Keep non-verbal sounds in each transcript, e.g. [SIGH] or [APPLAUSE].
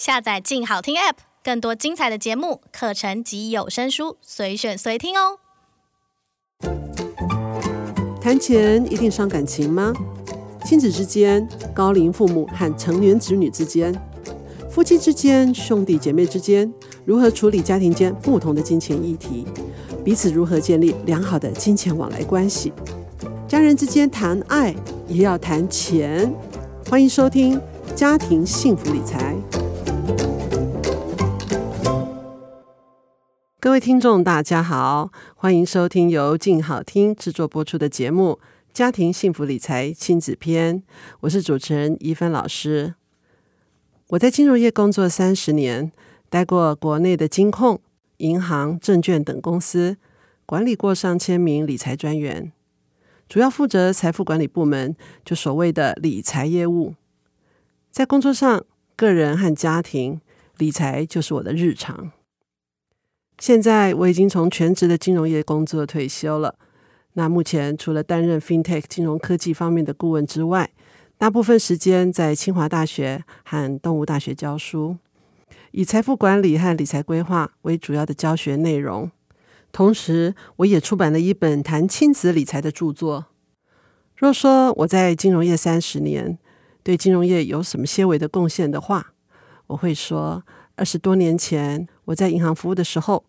下載「鏡好聽」App，更多精彩的節目、課程及有聲書，隨選隨聽哦。談錢一定傷感情嗎？親子之間、高齡父母和成年子女之間、夫妻之間、兄弟姐妹之間，如何處理家庭間不同的金錢議題？彼此如何建立良好的金錢往來關係？家人之間談愛也要談錢。歡迎收聽《家庭幸福理財》。各位聽眾，大家好，歡迎收聽由靜好聽製作播出的節目《家庭幸福理財親子篇》，我是主持人怡芬老師。我在金融業工作三十年，待過國內的金控、銀行、證券等公司，管理過上千名理財專員，主要負責財富管理部門，就所謂的理財業務。在工作上，個人和家庭理財就是我的日常。現在我已經從全職的金融業工作退休了。那目前除了擔任 fintech 金融科技方面的顧問之外，大部分時間在清華大學和東吳大學教書，以財富管理和理財規劃為主要的教學內容。同時，我也出版了一本談親子理財的著作。若說我在金融業三十年，對金融業有什麼些微的貢獻的話，我會說二十多年前我在銀行服務的時候。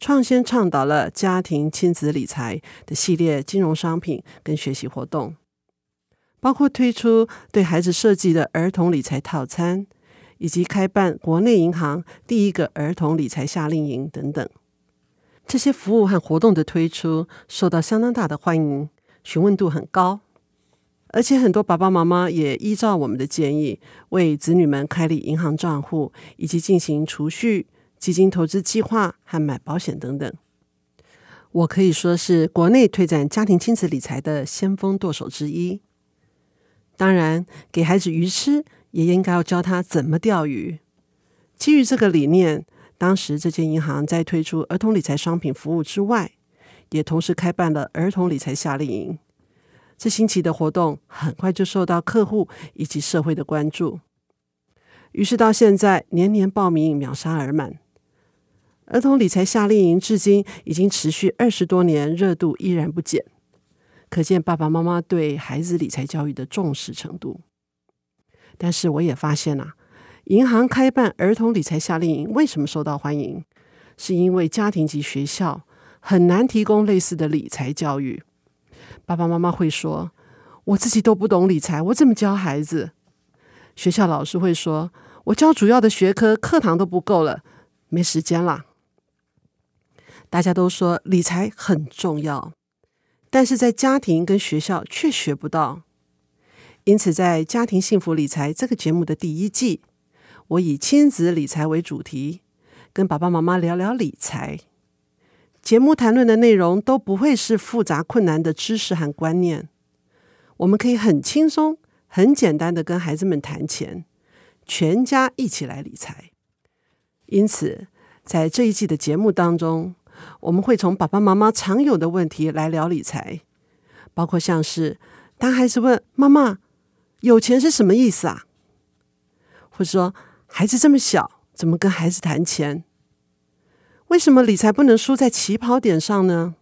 創先倡導了家庭親子理財的系列金融商品跟學習活動，包括推出對孩子設計的兒童理財套餐，以及開辦國內銀行第一個兒童理財夏令營等等。這些服務和活動的推出受到相當大的歡迎，詢問度很高，而且很多爸爸媽媽也依照我們的建議為子女們開立銀行賬戶以及進行儲蓄基金投資計劃和買保險等等，我可以說是國內推展家庭親子理財的先鋒舵手之一。當然，給孩子魚吃，也應該要教他怎麼釣魚。基於這個理念，當時這間銀行在推出兒童理財商品服務之外，也同時開辦了兒童理財夏令營。這新奇的活動很快就受到客戶以及社會的關注，於是到現在年年報名秒殺額滿。兒童理財夏令營至今已經持續二十多年，熱度依然不減，可見爸爸媽媽對孩子理財教育的重視程度。但是我也發現啊，銀行開辦兒童理財夏令營為什麼受到歡迎？是因為家庭及學校很難提供類似的理財教育。爸爸媽媽會說：“我自己都不懂理財，我怎麼教孩子？”學校老師會說：“我教主要的學科，課堂都不夠了，沒時間了。”大家都說理財很重要，但是在家庭跟學校卻學不到。因此，在《家庭幸福理財》這個節目的第一季，我以親子理財為主題，跟爸爸媽媽聊聊理財。節目談論的內容都不會是複雜困難的知識和觀念，我們可以很輕鬆、很簡單的跟孩子們談錢，全家一起來理財。因此，在這一季的節目當中，我們會從爸爸媽媽常有的問題來聊理財，包括像是當孩子問媽媽“有錢是什麼意思啊”，或者說孩子這麼小，怎麼跟孩子談錢？為什麼理財不能輸在起跑點上呢？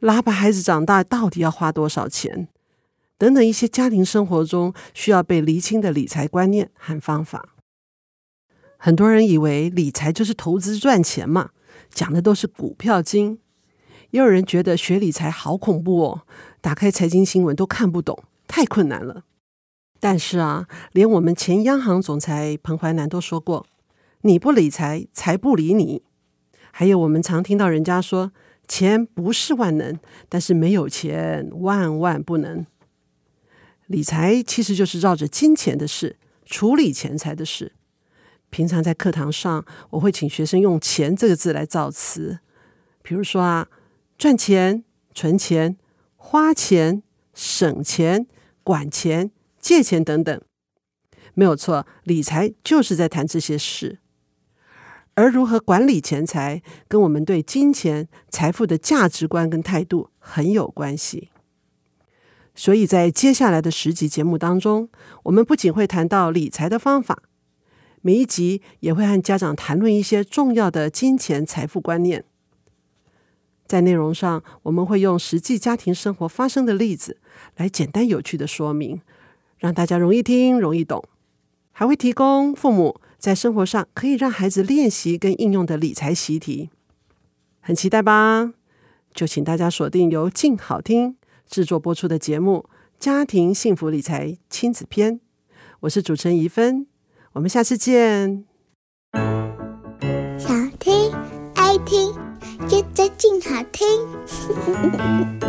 拉拔孩子長大到底要花多少錢？等等一些家庭生活中需要被釐清的理財觀念和方法。很多人以為理財就是投資賺錢嘛。講的都是股票經，也有人覺得學理財好恐怖哦，打開財經新聞都看不懂，太困難了。但是啊，連我們前央行總裁彭淮南都說過：“你不理財，財不理你。”還有我們常聽到人家說：“錢不是萬能，但是沒有錢萬萬不能。”理財其實就是繞着金錢的事，處理錢財的事。平常在課堂上，我會請學生用“錢”這個字來造詞，比如說啊，賺錢、存錢、花錢、省錢、管錢、借錢等等，沒有錯，理財就是在談這些事。而如何管理錢財，跟我們對金錢、財富的價值觀跟態度很有關係。所以在接下來的十集節目當中，我們不僅會談到理財的方法。每一集也會和家長談論一些重要的金錢財富觀念。在內容上，我們會用實際家庭生活發生的例子來簡單有趣的說明，讓大家容易聽、容易懂。還會提供父母在生活上可以讓孩子練習跟應用的理財習題。很期待吧？就請大家鎖定由靜好聽製作播出的節目《家庭幸福理財親子篇》，我是主持人怡芬。我們下次見。想聽，愛聽，接着更好聽。 [LAUGHS]